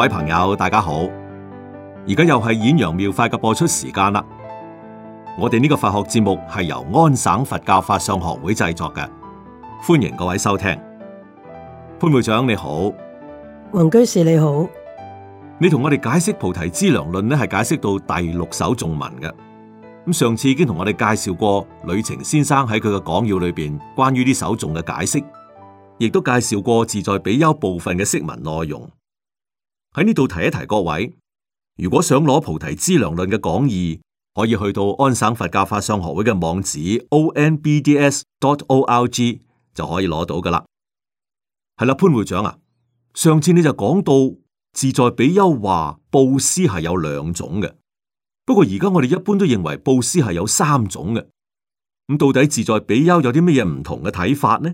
各位朋友，大家好！而家又係《演揚妙法》嘅播出時間啦。我哋呢個佛學節目係由安省佛教法相學會製作嘅，歡迎各位收聽。潘會長你好，黃居士你好，你同我哋解釋《菩提資糧論》呢，係解釋到第六首頌文嘅。咁上次已經同我哋介紹過，呂澂先生喺佢嘅講要裏邊關於呢首頌嘅解釋，亦都介紹過自在比丘部分嘅釋文內容。喺呢度提一提各位，如果想攞菩提資糧論嘅講義，可以去到安省佛教法相學會嘅網址 o n b d s dot o l g 就可以攞到噶啦係啦，潘會長啊，上次你就講到自在比丘話布施係有兩種嘅，不過而家我哋一般都認為布施係有三種嘅。咁到底自在比丘有啲咩嘢唔同嘅睇法呢？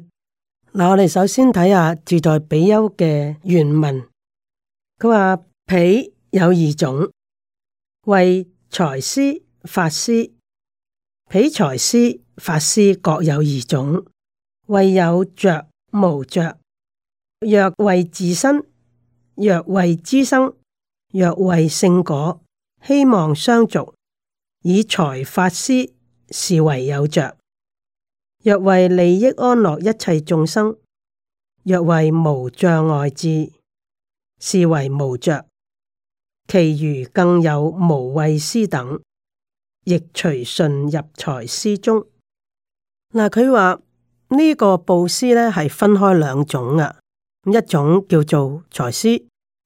嗱，我哋首先睇下自在比丘嘅原文。佢話：彼有二種，為財施、法施。彼財施、法施各有二種，謂有著、無著。若為自身，若為諸生，若為聖果，希望相續。以財法施是為有著；若為利益安樂一切眾生，若為無障礙智。是為無着，其餘更有無畏施等，亦隨順入財施中。嗱、嗯，佢話、這個、呢個布施咧係分開兩種噶，一種叫做財施，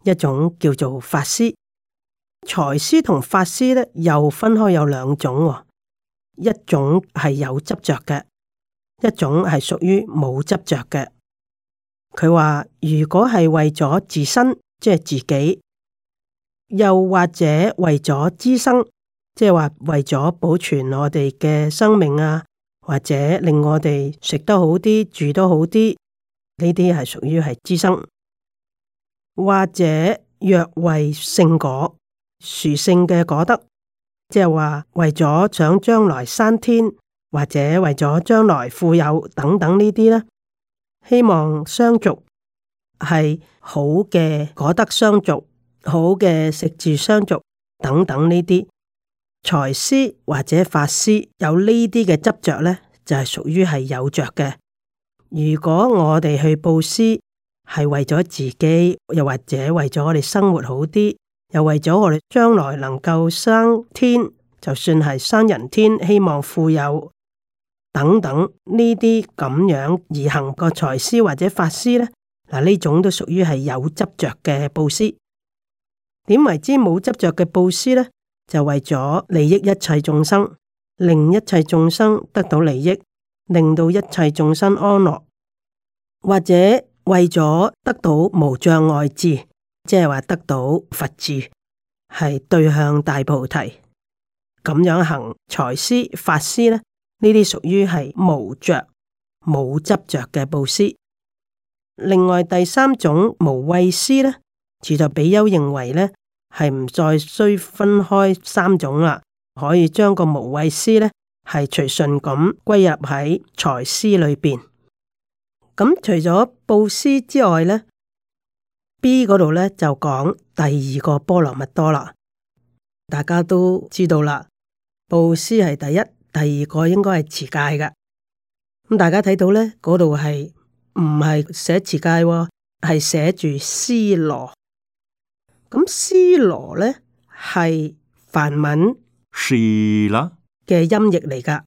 一種叫做法施。財施同法施咧又分開有兩種，一種係有執着嘅，一種係屬於冇執着嘅。佢話如果係為咗自身，即係自己，又或者為咗資生，即係話為咗保存我哋嘅生命啊，或者令我哋食得好啲、住得好啲，呢啲係屬於係資生。或者若為勝果、殊勝嘅果德，即係話為咗想將來生天，或者為咗將來富有等等呢啲咧。希望相續係好嘅果德相續，好嘅食住相續等等呢啲，財施或者法施有呢啲嘅執着呢，就係屬於係有着嘅。如果我哋去布施係為咗自己，又或者為咗我哋生活好啲，又為咗我哋將來能夠生天，就算係生人天，希望富有。等等呢啲咁樣而行個財施或者法施呢，嗱呢種都屬於係有執着嘅布施。點為之冇執着嘅布施呢？就為咗利益一切眾生，令一切眾生得到利益，令到一切眾生安樂，或者為咗得到無障礙智，即係話得到佛智，係對向大菩提。咁樣行財施、法施呢。呢啲屬於係無着、冇執着嘅布施。另外第三種無畏施呢，除咗比丘認為呢係唔再需分開三種啦，可以將個無畏施呢係隨順咁歸入喺財施裏邊。咁、嗯、除咗布施之外呢 B 嗰度呢就講第二個波羅蜜多啦。大家都知道啦，布施係第一。.第二個應該係持戒噶。咁、嗯、大家睇到咧，嗰度係唔係寫持戒？係寫住尸羅。咁尸羅咧係梵文 sila 嘅音譯嚟噶。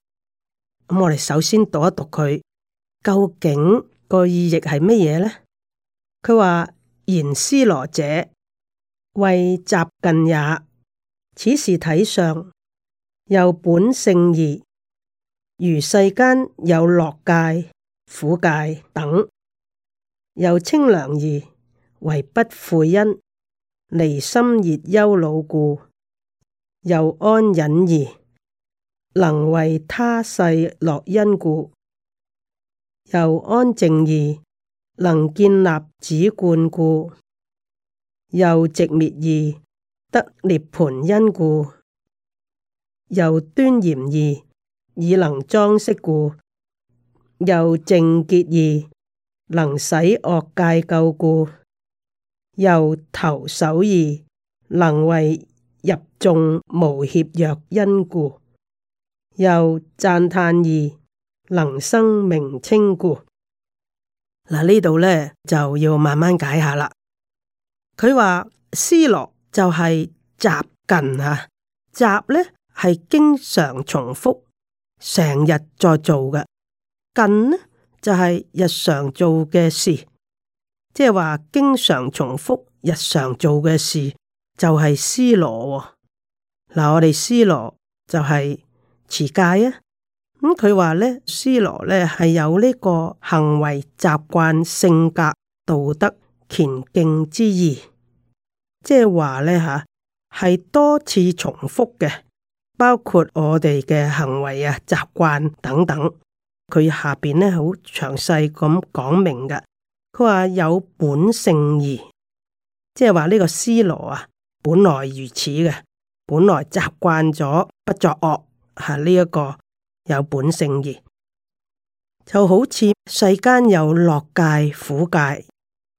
咁、嗯、我哋首先讀一讀佢，究竟個意譯係乜嘢咧？佢話言尸羅者謂習近也，此是體相。又本性而如世間有樂戒、苦戒等；又清涼而為不悔因，離心熱憂惱故；又安隱而能為他世樂因故；又安靜而能建立止觀故；又寂滅而得涅槃因故。又端嚴義，以能裝飾故；又淨潔義，能使惡界救故；又投手義，能為入眾無怯弱因故；又讚嘆義，能生明清故。嗱，呢度咧就要慢慢解下啦。佢話思樂就係集近啊，集咧。係經常重複，成日再做嘅。近呢就係、是、日常做嘅事，即係話經常重複日常做嘅事就係、是、思羅、哦。嗱、嗯，我哋思羅就係持戒啊。咁佢話咧，思羅咧係有呢個行為習慣、性格、道德、虔敬之意，即係話咧吓係多次重複嘅。包括我哋嘅行為啊、習慣等等，佢下邊咧好詳細咁講明嘅。佢話有本性二，即係話呢個思羅啊，本來如此嘅，本來習慣咗不作惡，係呢一個有本性二，就好似世間有樂界、苦界，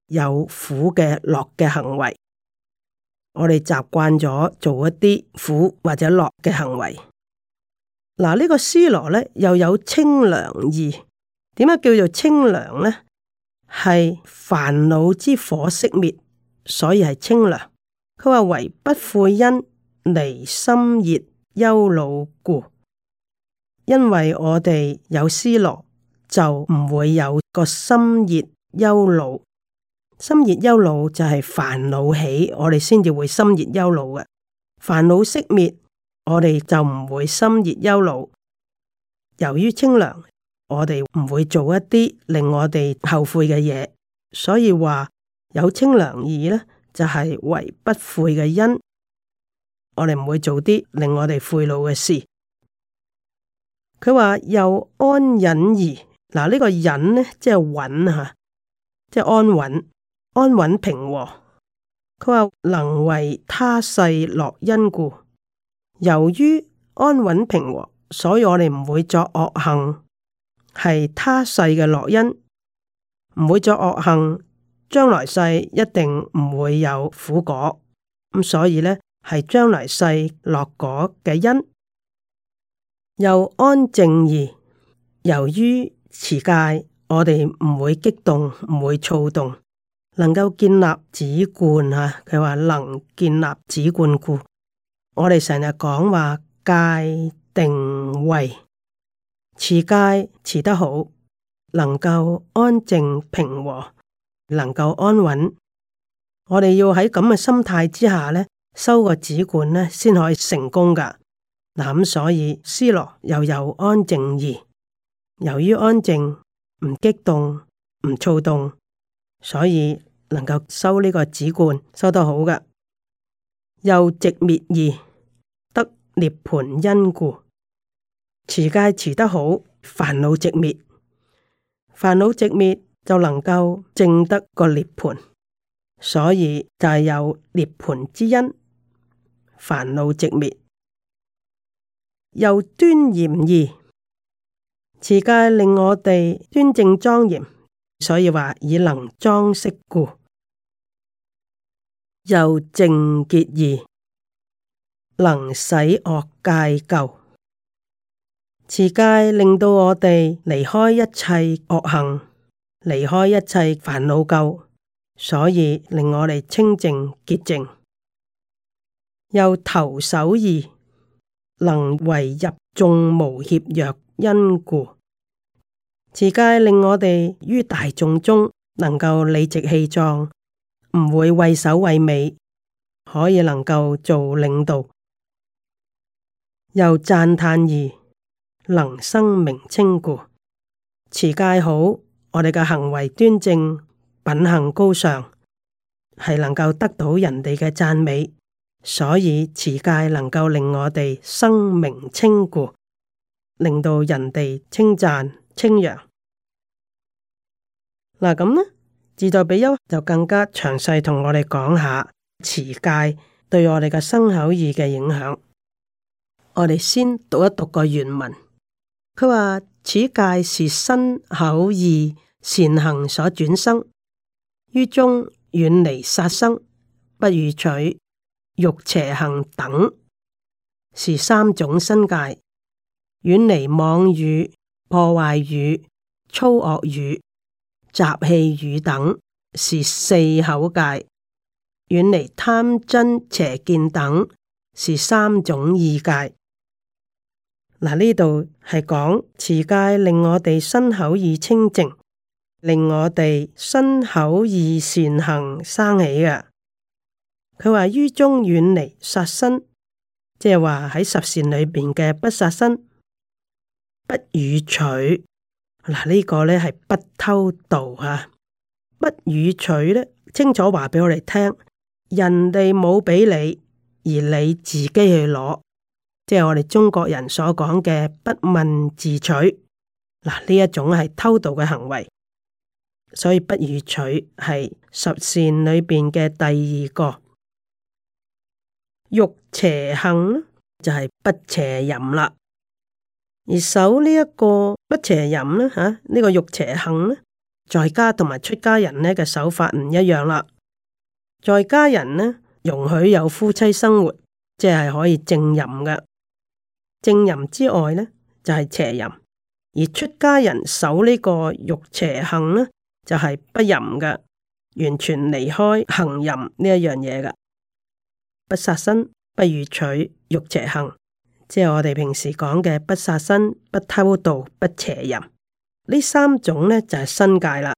有苦嘅、樂嘅行為。我哋習慣咗做一啲苦或者樂嘅行為，嗱、這個、呢個思羅咧又有清涼意。點解叫做清涼咧？係煩惱之火熄滅，所以係清涼。佢話唯不悔因，離心熱憂惱故。因為我哋有思羅，就唔會有個心熱憂惱。心熱憂惱就係煩惱起，我哋先至會心熱憂惱嘅。煩惱熄滅，我哋就唔會心熱憂惱。由於清涼，我哋唔會做一啲令我哋後悔嘅嘢，所以話有清涼義呢，就係、是、為不悔嘅因。我哋唔會做啲令我哋悔惱嘅事。佢話又安隱義，嗱、這、呢個隱呢，即係穩吓，即係安穩。安穩平和，佢話能為他世樂因故，由於安穩平和，所以我哋唔會作惡行，係他世嘅樂因，唔會作惡行，將來世一定唔會有苦果。咁所以呢，係將來世樂果嘅因。又安靜而，由於持戒，我哋唔會激動，唔會躁動。能夠建立止觀吓，佢話能建立止觀故，我哋成日講話戒定慧持戒持得好，能夠安靜平和，能夠安穩。我哋要喺咁嘅心態之下咧，修個止觀咧，先可以成功噶。嗱，所以思羅又有安靜義，由於安靜，唔激動，唔躁動，所以。能夠收呢個紫冠，收得好嘅，又寂滅而得涅槃因故。持戒持得好，煩惱寂滅，煩惱寂滅就能夠證得個涅槃，所以就係有涅槃之因，煩惱寂滅。又端嚴而，持戒令我哋端正莊嚴。所以話以能裝飾故，又淨潔而能洗惡戒垢。持戒令到我哋離開一切惡行，離開一切煩惱垢，所以令我哋清淨潔淨。又投手而能為入眾無怯弱因故。持戒令我哋於大眾中能夠理直氣壯，唔會畏首畏尾，可以能夠做領導，又讚嘆二：能生名稱故，持戒好，我哋嘅行為端正，品行高尚，係能夠得到人哋嘅讚美，所以持戒能夠令我哋生名稱故，令到人哋稱讚。清揚嗱，咁呢？自在比丘就更加詳細同我哋講下持戒對我哋嘅身口意嘅影響。我哋先讀一讀個原文。佢話：此戒是身口意善行所轉生，於中遠離殺生、不與取、欲邪行等，是三種身戒，遠離妄語。破壞語、粗惡語、雜氣語等是四口戒；遠離貪、真、邪見等是三種意戒。嗱，呢度係講持戒令我哋身口意清淨，令我哋身口意善行生起嘅。佢話於中遠離殺身，即係話喺十善裏邊嘅不殺身。不與取，嗱、這、呢個咧係不偷盜啊！不與取咧，清楚話俾我哋聽，人哋冇俾你，而你自己去攞，即係我哋中國人所講嘅不問自取。嗱，呢一種係偷盜嘅行為，所以不與取係十善裏邊嘅第二個欲邪行，就係、是、不邪淫啦。而守呢一個不邪淫呢？吓、啊，呢、這個欲邪行呢？在家同埋出家人呢嘅守法唔一樣啦。在家人呢，容許有夫妻生活，即係可以正淫嘅；正淫之外呢，就係、是、邪淫。而出家人守呢個欲邪行呢，就係、是、不淫嘅，完全離開行淫呢一樣嘢嘅。不殺生，不與取欲邪行。即係我哋平時講嘅不殺生、不偷盜、不邪淫呢三種咧就係、是、身戒啦，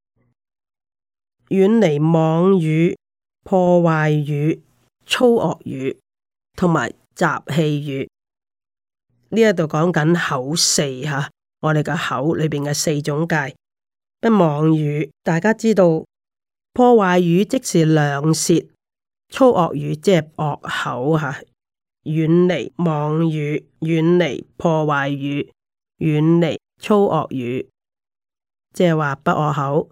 遠離妄語、破壞語、粗惡語同埋雜氣語呢一度講緊口四吓，我哋個口裏邊嘅四種戒，不妄語，大家知道破壞語即是兩舌，粗惡語即係惡口吓。遠離妄語，遠離破壞語，遠離粗惡語，即係話不惡口。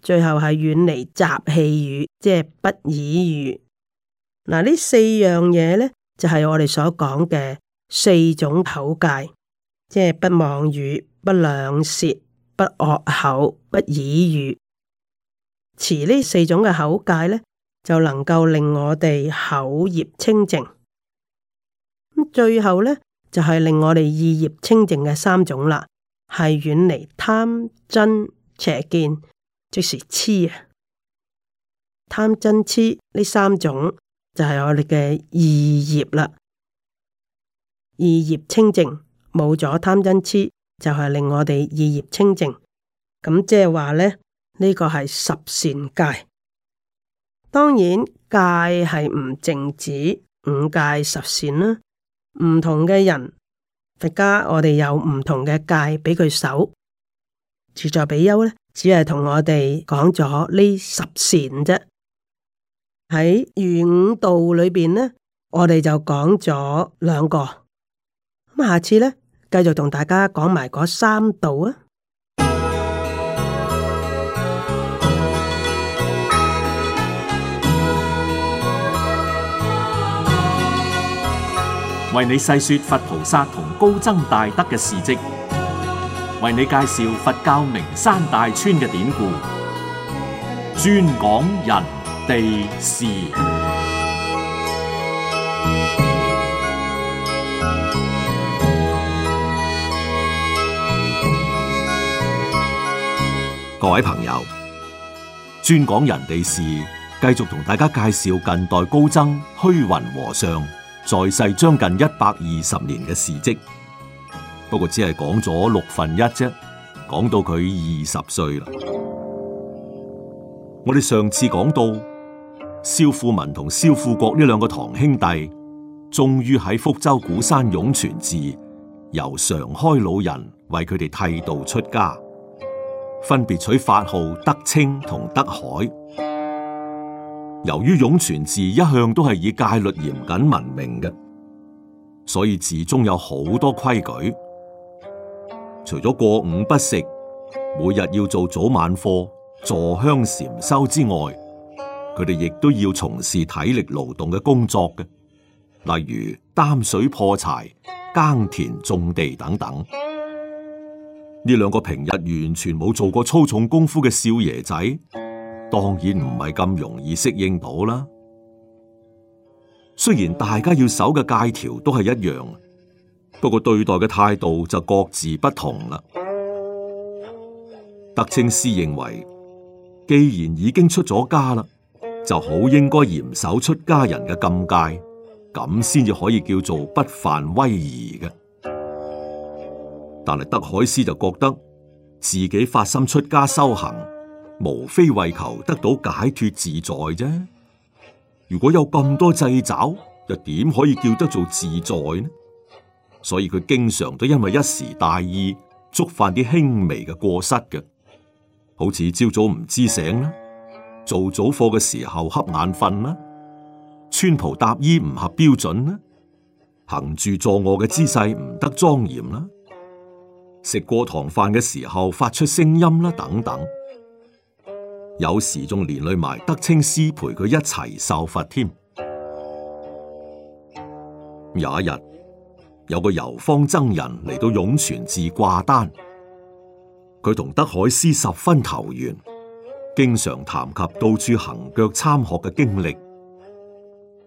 最後係遠離雜穢語，即係不綺語。嗱，呢四樣嘢咧，就係、是、我哋所講嘅四種口戒，即係不妄語、不兩舌、不惡口、不綺語。持呢四種嘅口戒咧，就能夠令我哋口業清淨。最後呢，就係、是、令我哋意業清淨嘅三種啦，係遠離貪嗔、邪見，即是痴啊。貪嗔、痴呢三種就係、是、我哋嘅意業啦。意業清淨，冇咗貪嗔、痴，就係、是、令我哋意業清淨。咁即係話呢，呢、這個係十善戒。當然戒係唔淨止，五戒十善啦。唔同嘅人，佛家我哋有唔同嘅戒畀佢守，自在比丘呢，只係同我哋講咗呢十善啫。喺於五道裏邊呢，我哋就講咗兩個。咁下次呢，繼續同大家講埋嗰三道啊。為你細說佛菩薩同高僧大德嘅事跡，為你介紹佛教名山大川嘅典故，專講人地事。各位朋友，專講人地事，繼續同大家介紹近代高僧虛雲和尚。在世將近一百二十年嘅事跡，不過只係講咗六分一啫。講到佢二十歲啦。我哋上次講到，蕭富文同蕭富國呢兩個堂兄弟，終於喺福州鼓山湧泉寺，由常開老人為佢哋剃度出家，分別取法號德清同德海。由於湧泉寺一向都係以戒律嚴謹聞名嘅，所以寺中有好多規矩。除咗過午不食、每日要做早晚課、坐香禪修之外，佢哋亦都要從事體力勞動嘅工作嘅，例如擔水破柴、耕田種地等等。呢兩個平日完全冇做過粗重功夫嘅少爺仔。當然唔係咁容易適應到啦。雖然大家要守嘅戒條都係一樣，不過對待嘅態度就各自不同啦。德清師認為，既然已經出咗家啦，就好應該嚴守出家人嘅禁戒，咁先至可以叫做不犯威儀嘅。但係德海師就覺得自己發心出家修行，無非為求得到解脱自在啫。如果有咁多掣肘，又點可以叫得做自在呢？所以佢經常都因為一時大意，觸犯啲輕微嘅過失嘅，好似朝早唔知醒啦，做早課嘅時候瞌眼瞓啦，穿袍搭衣唔合標準啦，行住坐卧嘅姿勢唔得莊嚴啦，食過堂飯嘅時候發出聲音啦，等等。有時仲連累埋德清師陪佢一齊受罰添。有一日，有個遊方僧人嚟到湧泉寺掛單，佢同德海師十分投緣，經常談及到處行腳參學嘅經歷。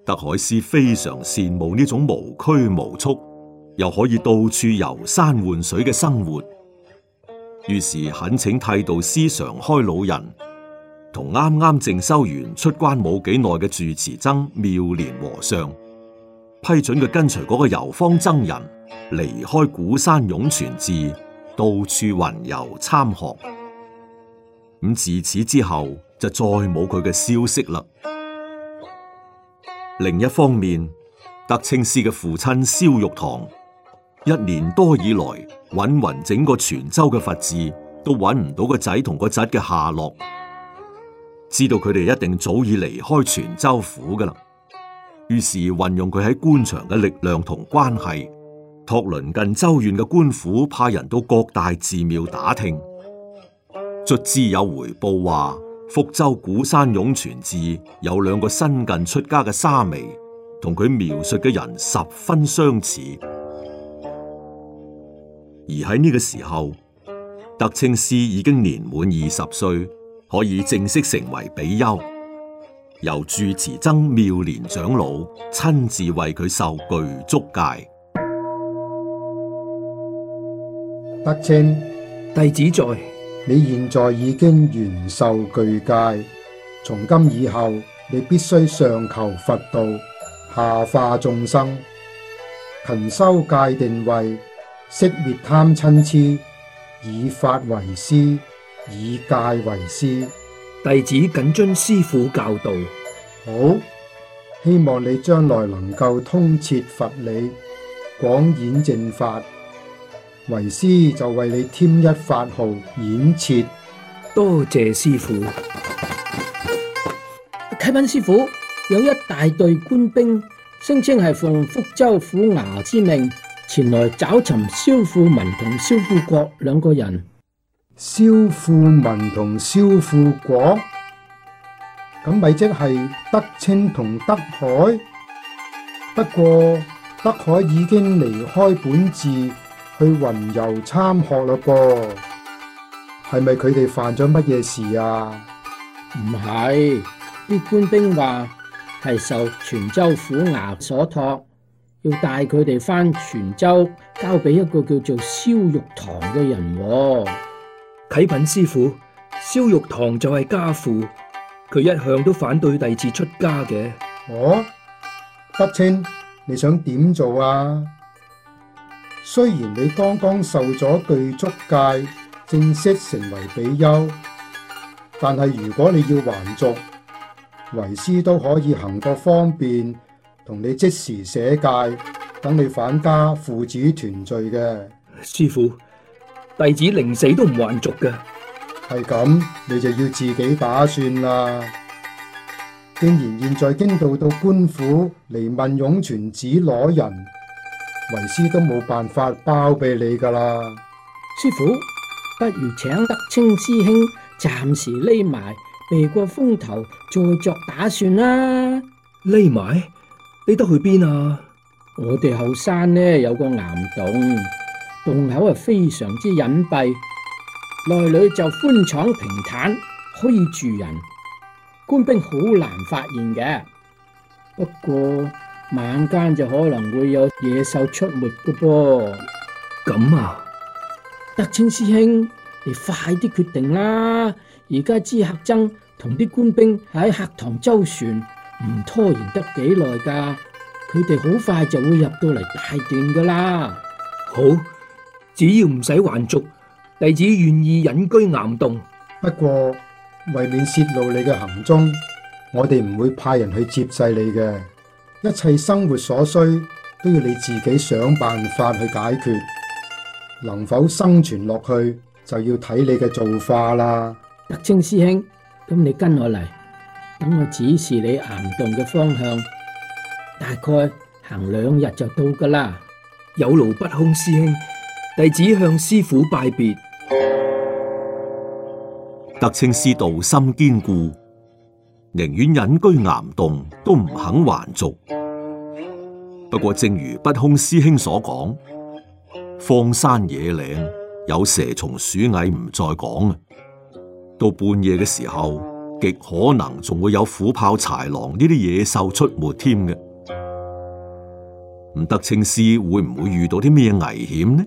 德海師非常羨慕呢種無拘無束，又可以到處遊山玩水嘅生活，於是懇請剃度師常開老人。同啱啱正修完出關冇幾耐嘅住持僧妙蓮和尚批准佢跟隨嗰個遊方僧人離開鼓山湧泉寺，到處雲遊參學。咁、嗯、自此之後就再冇佢嘅消息啦。另一方面，德清師嘅父親蕭玉堂一年多以來揾勻整個泉州嘅佛寺，都揾唔到個仔同個侄嘅下落。知道佢哋一定早已離開泉州府噶啦，於是運用佢喺官場嘅力量同關係，託鄰近州縣嘅官府派人到各大寺廟打聽，卒之有回報話，福州鼓山湧泉寺有兩個新近出家嘅沙彌，同佢描述嘅人十分相似。而喺呢個時候，德清師已經年滿二十歲。可以正式成為比丘，由住持僧妙蓮長老親自為佢受具足戒。德清，弟子在。你現在已經元受具戒，從今以後你必須上求佛道，下化眾生，勤修戒定慧，息滅貪嗔癡，以法為師。以戒為師，弟子謹遵師父教導。好，希望你將來能夠通徹佛理，廣演正法。為師就為你添一法號演，演徹。多謝師父。啟稟師父，有一大隊官兵，聲稱係奉福州府衙之命，前來找尋蕭富民同蕭富國兩個人。蕭富民同蕭富國，咁咪即係德清同德海？不過德海已經離開本寺去雲遊參學啦噃，係咪佢哋犯咗乜嘢事啊？唔係，啲官兵話係受泉州府衙所託，要帶佢哋翻泉州交俾一個叫做蕭玉堂嘅人。啟稟師父，蕭玉堂就係家父，佢一向都反對第二次出家嘅。哦，德清，你想點做啊？雖然你剛剛受咗具足戒，正式成為比丘，但係如果你要還俗，為師都可以行個方便，同你即時寫戒，等你返家父子團聚嘅。師父。弟子寧死都唔還俗嘅，係咁，你就要自己打算啦。既然現在京道到官府嚟問湧泉寺攞人，為師都冇辦法包庇你噶啦。師傅，不如請德清師兄暫時匿埋避過風頭，再作打算啦。匿埋？匿得去邊啊？我哋後山呢有個岩洞。洞口係非常之隱蔽，內裏就寬敞平坦，可以住人，官兵好難發現嘅。不過晚間就可能會有野獸出沒嘅噃。咁啊，德清師兄，你快啲決定啦！而家知客僧同啲官兵喺客堂周旋，唔拖延得幾耐噶？佢哋好快就會入到嚟大殿噶啦。好。只要唔使還俗，弟子願意隱居岩洞。不過為免泄露你嘅行蹤，我哋唔會派人去接濟你嘅。一切生活所需都要你自己想辦法去解決。能否生存落去就要睇你嘅造化啦。德清師兄，咁你跟我嚟，等我指示你岩洞嘅方向，大概行兩日就到噶啦。有勞不空師兄。弟子向師傅拜別。德清師道心堅固，寧願隱居岩洞都唔肯還俗。不過正如不空師兄所講，荒山野嶺有蛇蟲鼠蟻，唔再講。到半夜嘅時候，極可能仲會有虎豹豺狼呢啲野獸出沒添嘅。咁德清師會唔會遇到啲咩危險呢？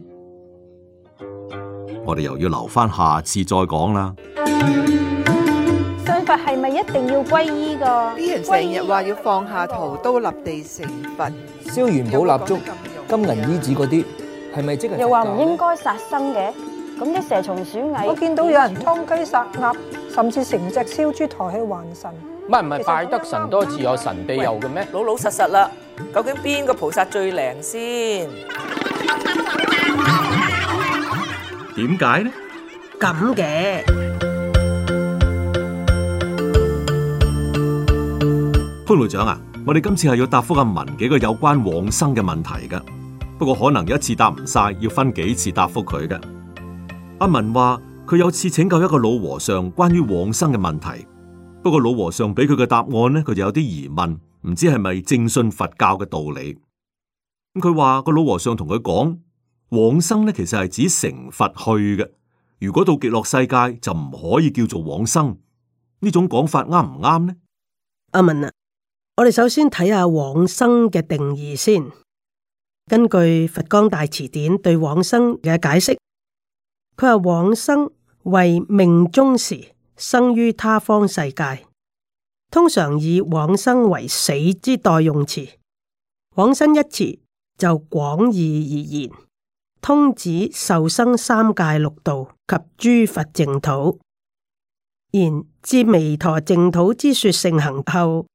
我哋又要留翻下次再講啦。信佛係咪一定要皈依㗎？成日話要放下屠刀立地成佛，燒元寶蠟燭、金銀衣紙嗰啲，係咪即係？又話唔應該殺生嘅，咁啲蛇蟲鼠蟻，我見到有人劏雞殺鴨，甚至成隻燒豬抬去還神。唔係唔係，拜得神多自有神庇佑嘅咩？老老實實啦，究竟邊個菩薩最靈先？點解呢？咁嘅潘隊長啊，我哋今次係要答覆阿文幾個有關往生嘅問題噶。不過可能有一次答唔晒，要分幾次答覆佢嘅。阿文話佢有次請教一個老和尚關於往生嘅問題，不過老和尚俾佢嘅答案呢，佢就有啲疑問，唔知係咪正信佛教嘅道理。咁佢話個老和尚同佢講。往生咧，其實係指成佛去嘅。如果到極樂世界就唔可以叫做往生，呢種講法啱唔啱呢？阿文啊，我哋首先睇下往生嘅定義先。根據《佛光大辭典》對往生嘅解釋，佢話往生為命終時生於他方世界，通常以往生為死之代用詞。往生一詞就廣義而言，通指受生三界六道及諸佛淨土。然至彌陀淨土之說盛行後，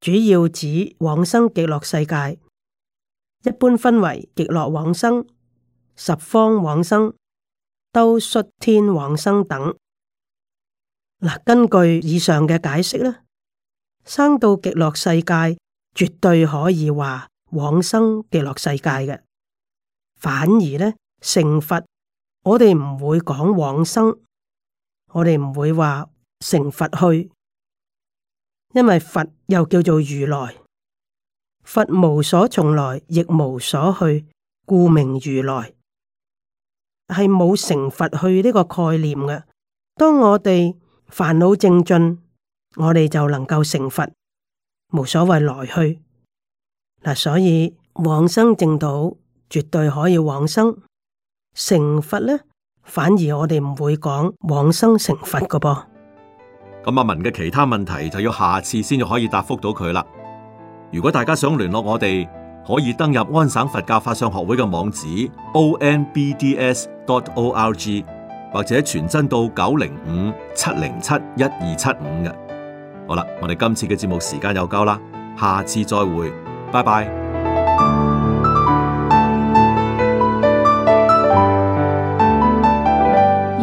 主要指往生極樂世界。一般分為極樂往生、十方往生、兜率天往生等。嗱，根據以上嘅解釋呢，生到極樂世界，絕對可以話往生極樂世界嘅。反而呢，成佛，我哋唔會講往生，我哋唔會話成佛去，因為佛又叫做如來，佛無所從來，亦無所去，故名如來，係冇成佛去呢個概念嘅。當我哋煩惱正盡，我哋就能夠成佛，無所謂來去。嗱、啊，所以往生正道。絕對可以往生成佛咧，反而我哋唔會講往生成佛嘅噃。咁阿文嘅其他問題就要下次先至可以答覆到佢啦。如果大家想聯絡我哋，可以登入安省佛教法相學會嘅網址 o n b d s dot o r g，或者傳真到九零五七零七一二七五嘅。好啦，我哋今次嘅節目時間又夠啦，下次再會，拜拜。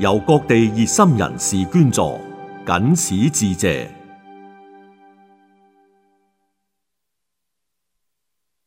由各地熱心人士捐助，謹此致謝。